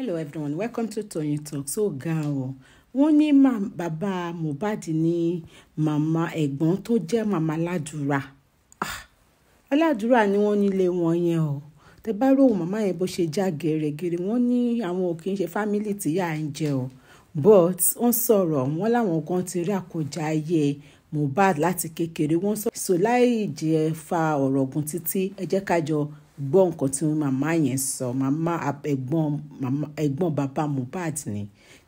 hello everyone welcome to Tony Talk. So, ga ọ wọ́n ní bàbá Mohbad ní màmá ẹ̀gbọ́n tó jẹ́ màmá ládùúrà ah, aládùúrà ni wọ́n nílé wọn yẹn o tẹ bá rò màmá yẹn bó ṣe já gèrègèrè wọ́n ní àwọn ò kì í ṣe fámìlì tíyà ń jẹ o but wọ́n sọ̀rọ̀ wọ́n láwọn kan ti rí àkọjá ayé Mohbad láti kékeré wọ́n sọ so láì jẹ́ fa ọ̀rọ̀ gùn títí ẹ jẹ́ ká jọ gbọ́ nǹkan tí màmá yẹn sọ màmá ẹ̀gbọ́n màmá ẹ̀gbọ́n bàbá Mohbad ni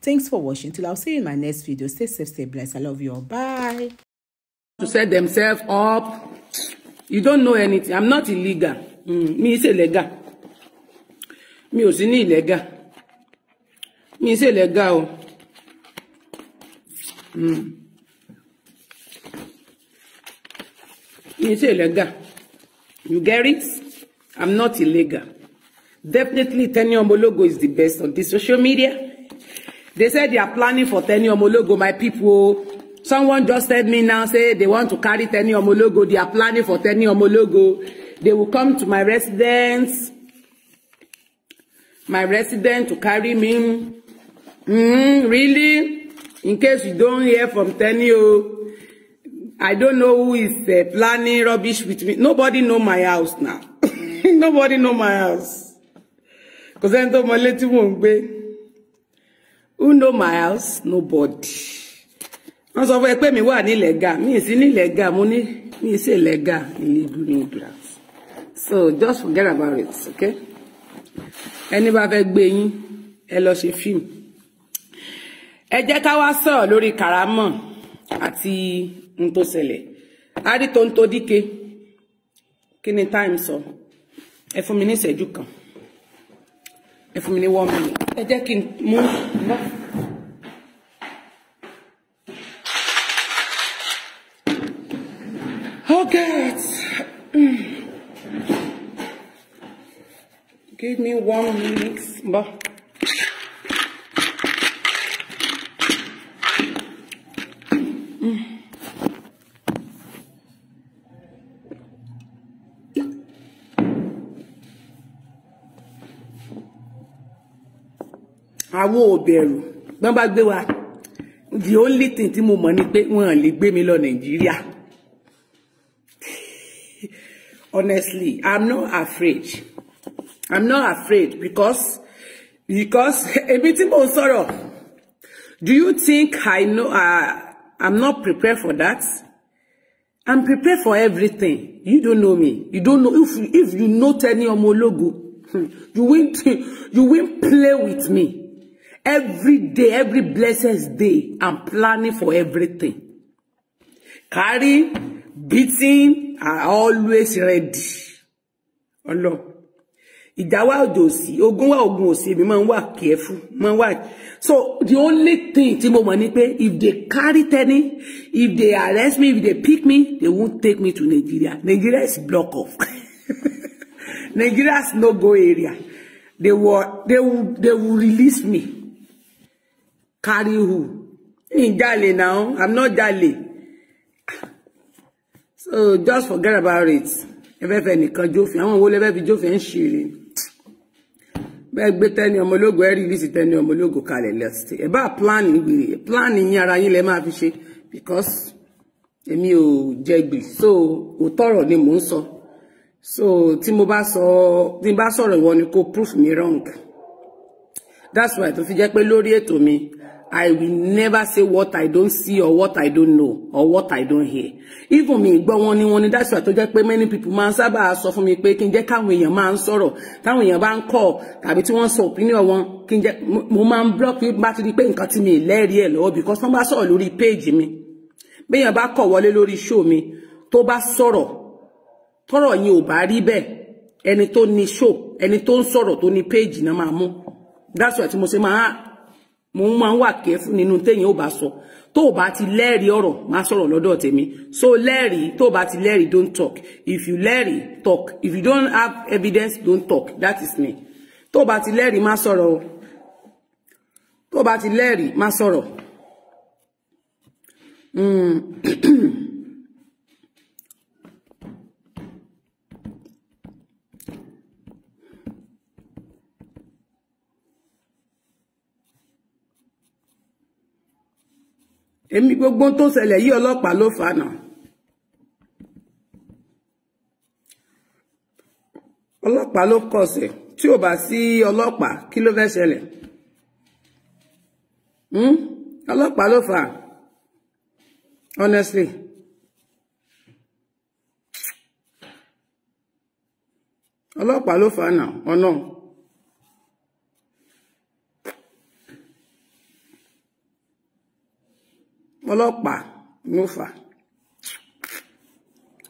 thanks for watching till i see you in my next video stay safe stay blessed i love you all bye. to set themselves up you don't know anything i'm not illegal mm, mi legal mi ò sí ní illegal mi ṣe legal o. Mm. legal you get it. I'm not illegal. Definitely, Tenny Omologo is the best on the social media. They said they are planning for Tenny Omologo, my people. Someone just said me now, say they want to carry Tenny Omologo. They are planning for Tenny Omologo. They will come to my residence. My residence to carry me. Mm, really? In case you don't hear from Tenny Omologo. Oh, I don't know who is uh, planning rubbish with me. Nobody know my house now nobody know my house kò sẹ́ni tó mọ ilé tí mò who know my house nobody wọ́n sọ fún ẹ pé mi wà ní lẹ́gà mi ì sí ní lẹ́gà mo ní mi ì lẹ́gà ní grass so just forget about it okay ẹni bá fẹ́ gbé yín ẹ lọ ṣe fíìmù ẹ jẹ́ ká wá sọ̀rọ̀ lórí Karamọ́ àti n tó díke kí ni time sọ. So? ẹ fún mi ní ìṣẹ́jú kan ẹ fún mi ní one minute ẹ jẹ́ kí n mú lọ. Okay. Hmm. Give me one minute. Bye. àwo ò wọ́n bá gbé wa the only thing tí mo mọ̀ ni pé wọ́n lè gbé mi lọ nàìjíríà honestly i'm not afraid i'm not afraid because because èmi tí mo sọ̀rọ̀ do you think i know uh, i'm not prepared for that i'm prepared for everything you don't know me you don't know if if you know Tenny ọmọ ológo you won't you won't play with me. Every day, every blessed day, I'm planning for everything. Carry, beating, are always ready. Ọlọ. Ìdáwà òjò sí, ogun wà ogun òsì, èmi máa ń wà careful, máa ń wà. So the only thing tí mo if they carry tẹ́ni, if they arrest me, if they pick me, they won't take me to Nigeria. Nigeria is block off. Nigeria is no go area. They will, they will, they will release me. Carry who? In jale now. I'm not jale. So just forget about it. Ẹfẹ́fẹ́ nìkan jófin, àwọn I lẹ́fẹ́ fi jófin ń ṣeré. Bẹ́ẹ̀ Better tẹ́ni ọmọ ológo ẹ́rì lìsì tẹ́ni ọmọ ológo kalẹ̀ lẹ́sìtì. Ẹ bá plan planning, plan yín ara yín lẹ máa because èmi ò jẹgbì so òtọ́rọ̀ ni mò So tí mo bá sọ tí n bá sọ̀rọ̀ wrong. That's why tó fi jẹ́ pé to me. I will never say what I don't see or what I don't know or what I don't hear. Even me, gbọ́ wọn ni wọn ni that's why tó jẹ́ pé many people máa ń sábà sọ fún mi pé kí n jẹ́ káwọn èèyàn máa ń sọ̀rọ̀ táwọn èèyàn bá ń kọ̀ tàbí tí wọ́n sọ opinion wọn kí n jẹ́ mo máa ń block bí bá ti di pé nǹkan tí mi lẹ́rìí ẹ̀ lọ́wọ́ because wọ́n bá sọ̀rọ̀ lórí page mi béèyàn bá kọ̀ wọlé lórí show mi tó bá sọ̀rọ̀ tọ́rọ̀ yín ò bá rí bẹ́ẹ̀ ẹni tó ní show ẹni tó ń sọ̀rọ̀ tó ní page náà máa mú that's why tí mo ṣe máa mo máa ń wà kẹfù nínú téèyàn ò ba sọ tó o bá ti lẹ́rìí ọ̀rọ̀ máa sọ̀rọ̀ lọ́dọ̀ tèmi so lẹ́rìí to ba ti lẹ́rìí don't talk if you lẹ́rìí talk if you don't have evidence don't talk that is me To ba ti lẹ́rìí máa sọ̀rọ̀ o tó o bá ti lẹ́rìí máa sọ̀rọ̀. Hmm. èmi gbogbo tó ṣẹlẹ̀ yí ọlọ́pàá ló fa náà ọlọ́pàá ló kọsẹ̀ tí ò bá sí ọlọ́pàá kí ló fẹ́ ṣẹlẹ̀ hmm? ọlọ́pàá ló fa. honestly. ọlọ́pàá ló fà náà ọ̀nà. Oh no. ọlọ́pàá ní ó fà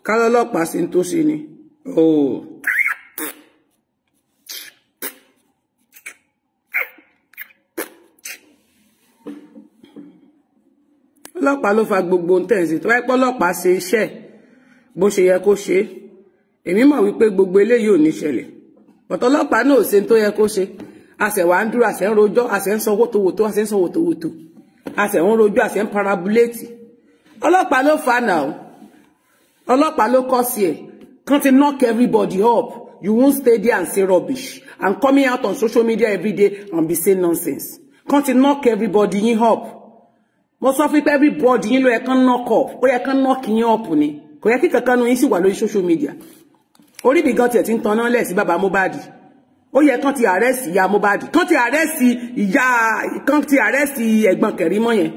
kálọ́ ọlọ́pàá sí tó ṣe ni ooo ọlọ́pàá ló fa gbogbo ohun tẹ̀sí tó wáyé pé ọlọ́pàá ṣe iṣẹ́ bó ṣe yẹ kó ṣe èmi mọ̀ wípé gbogbo eléyìí ò ní ṣẹlẹ̀ ọ̀tọ̀ ọlọ́pàá náà ò ṣe tó yẹ kó ṣe a ṣẹ̀ wá ń dúró a ṣẹ̀ ń rojọ́ a ṣẹ̀ ń sanwó tòwòtò a ṣẹ̀ ń sanwó tòwòtò àṣẹ ń rojú àṣẹ ń parabuléètì ọlọ́pàá ló fa náà ọlọ́pàá ló kọ́ sí ẹ̀ kan ti knock everybody up you won't stay there and say rubbish and coming out on social media every day and be saying nonsense kan ti knock everybody yín up mo sọ fún pé everybody yín ló yẹ kán knock up ó yẹ kán knock yín up ni kò yẹ kí kankan nu yín sì wà lórí social media orí mi gan tiẹ̀ ti ń taná lẹ̀ sí bàbá Mohbad ó yẹ kán ti àrẹ́sì ìyá Mohbad kán ti àrẹ́sì ìyá kán ti àrẹ́sì ẹ̀gbọ́n Kẹ̀rímọ́ yẹn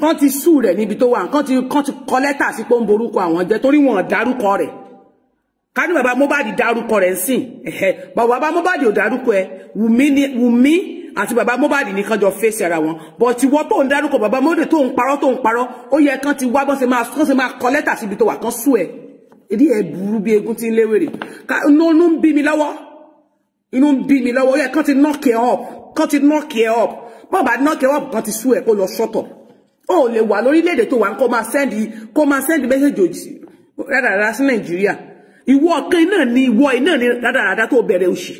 kán ti sùn rẹ̀ níbi tó wà kán ti kán ti kọ lẹ́tà sí pé ó ń borúkọ àwọn jẹ́ torí wọn dárúkọ rẹ̀ ká ní bàbá Mohbad dárúkọ rẹ̀ ń sìn ẹ̀hẹ́ bàbá Mohbad ò dárúkọ ẹ̀ Wùmí ni Wùmí àti bàbá Mohbad nìkan jọ fèsì ara wọn bọ̀ tí wọ́n tó ń dárúkọ bàbá Mohbad tó ń parọ́ tó ń parọ́ ó yẹ kán ti wá bọ́n ṣe máa kán ṣe máa kọ lẹ́tà síbi tó wà kán sùn ẹ̀ ìdí ẹ̀ burú bí egun ti ń léwèrè ká nínú ń bí mi lọ́wọ́ inú ń bí mi lọ́wọ́ yẹ kán ti knock ẹ up kán ti knock ẹ up bọ́ọ̀ bá knock ẹ up kán ti sú ẹ kó lọ sọ́tọ̀ ó lè wà lórílẹ̀‐èdè tó wà kó máa send kó máa send message òjì rádaràda sí nàìjíríà ìwọ ọ̀kan náà ni ìwọ iná ni rádaràda tó bẹ̀rẹ̀ òṣì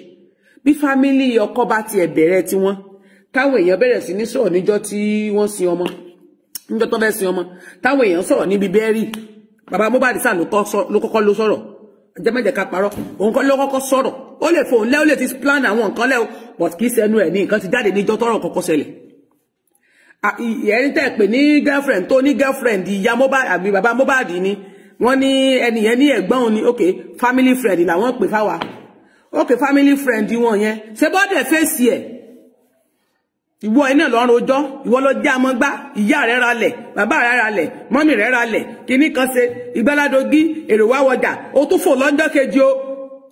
bí fámílì ọkọ bá tiẹ̀ bẹ̀rẹ̀ tiwọn táwọn èèyàn bẹ̀rẹ̀ sí ní sọ̀rọ̀ níjọ́ tí wọ́n sin ọmọ níjọ́ tó fẹ́ sin ọmọ táwọn èèyàn sọ̀rọ̀ níbi bẹ́ẹ̀rì bàbá Mohbad sá ló kọ́kọ́ ló sọ̀rọ̀ ẹjẹ́ mẹ́jẹ̀ ká parọ́ òun kọ́ ló kọ́kọ́ sọ̀rọ̀ ó lè fòun lẹ́ ó lè ti plan àwọn nǹkan lẹ́ but kì í ṣẹnu ẹ̀ ní nǹkan ti jáde níjọ́ tọ́rọ̀ kọ́kọ́ ṣẹlẹ̀ ẹni tẹ́ pè ní girlfriend tó ní girlfriend ìyá Mohbad àbí bàbá Mohbad ni wọ́n ní ẹnìyẹn ní ẹ̀gbọ́n òun ni ok family friend làwọn pè fáwa ok family friend wọn yẹn ṣe bọ́dẹ̀ fèsì ẹ̀ ìwọ iná lọ́rùn ọjọ́ ìwọ ló jẹ́ amọ́gbá ìyá rẹ̀ ralẹ̀ bàbá rẹ̀ ralẹ̀ mọ́mì rẹ̀ ralẹ̀ kìíní kan ṣe ìgbàládógí èrò wá wọjà ó tún fò lọ́jọ́ kejì o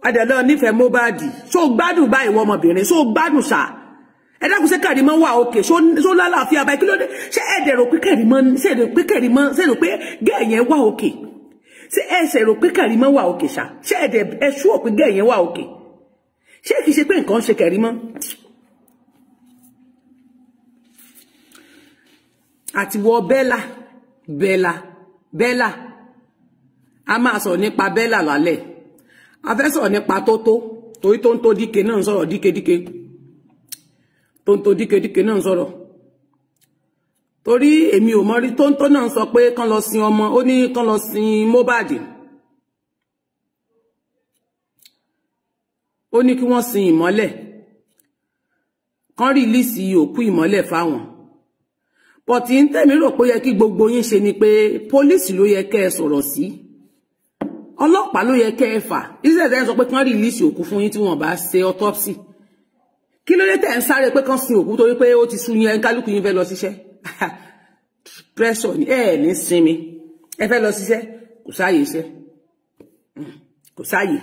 adẹ̀lọ nífẹ̀ẹ́ Mohbad ṣó gbádùn báyìí wọ ọmọbìnrin ṣó gbádùn ṣá ẹ dákun ṣé Karimo wà òkè ṣó lálàáfíà báyìí kí ló dé ṣé ẹ̀dẹ̀ rò pé Karimo ṣe rò pé Karimo ṣe rò pé gẹ́ẹ̀ yẹn wà òkè ṣé ẹsẹ̀ rò pé Karimo wà òkè ṣá ṣé ẹ̀dẹ̀ ẹṣú ò pé gẹ́ẹ̀ yẹn wà òkè ṣé kìí ṣe pé nǹkan ṣe Karimo. àtiwọ bẹ́là bẹ́là bẹ́là a máa sọ nípa bẹ́là lálẹ́ a fẹ́ sọ̀rọ̀ nípa tótó torí tó ń tó díke náà ń sọ̀rọ̀ díkedíke tó ń tó díkedíke náà ń sọ̀rọ̀ torí èmi ò mọrí tó ń tó náà sọ pé kán lọ sin ọmọ ó ní kán lọ sin Mohbad ó ní kí wọ́n sin ìmọ́lẹ̀ kán rìlíìsì òkú ìmọ́lẹ̀ fáwọn pọ̀tí ń tẹ̀mí rò pé ó yẹ kí gbogbo yín ṣe ni pé pólíìsì ló yẹ kẹ́ ẹ sọ̀rọ̀ sí. Si ọlọ́pàá ló yẹ kẹ́ ẹ fà israel dẹ́n sọ pé kí wọ́n rìlíìsì òkú fún yín tí wọ́n bá ṣe autopsy kí ló dé tẹ̀ ń sáré pé kán sin òkú torí pé ó ti sú yẹn kálukú yín fẹ́ lọ ṣiṣẹ́ pressure ni ẹ ní sinmi ẹ fẹ́ lọ ṣiṣẹ́ kò sáàyè iṣẹ́ mm. kò sáàyè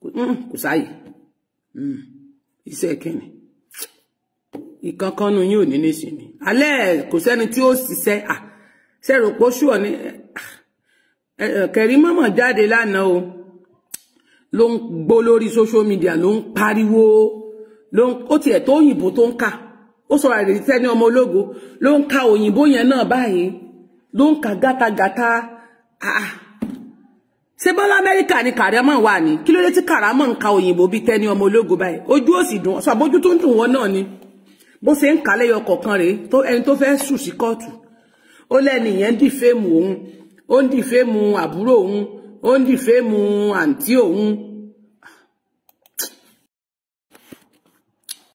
kò mm, sáàyè mm. iṣẹ́ kẹ́ni ìkankanu yín ò ní ní sinmi alẹ́ kò sẹ́ni tí ó ṣiṣẹ́ à ṣẹ́rò pé ni. Karimo mà jáde lánàá o ló ń gbó lórí social media ló ń pariwo ló ń ó tiẹ̀ tó òyìnbó tó ń kà ó sọ̀rọ̀ àrètí sẹ́ni ọmọ ológo ló ń ka òyìnbó yẹn náà báyìí ló ń ka gátagàta ah, ah ṣé bọ́lá amẹ́ríkà ni kàrámọ̀ wà ní kí ló dé tí kàrámọ̀ ń ka òyìnbó bíi tẹ́ni ọmọ ológo báyìí ojú ò sì dùn ṣàbójú tó ń dùn wọn náà ni bó ṣe ń kà lẹ́yọ kọ̀ọ̀kan rèé tó ẹni tó fẹ́ sùn sí kóòtù ó lẹ́nu ìyẹn dìfẹ́mù òun ó ń dìfẹ́ mu àbúrò òun ó ń dìfẹ́ mu àǹtí òun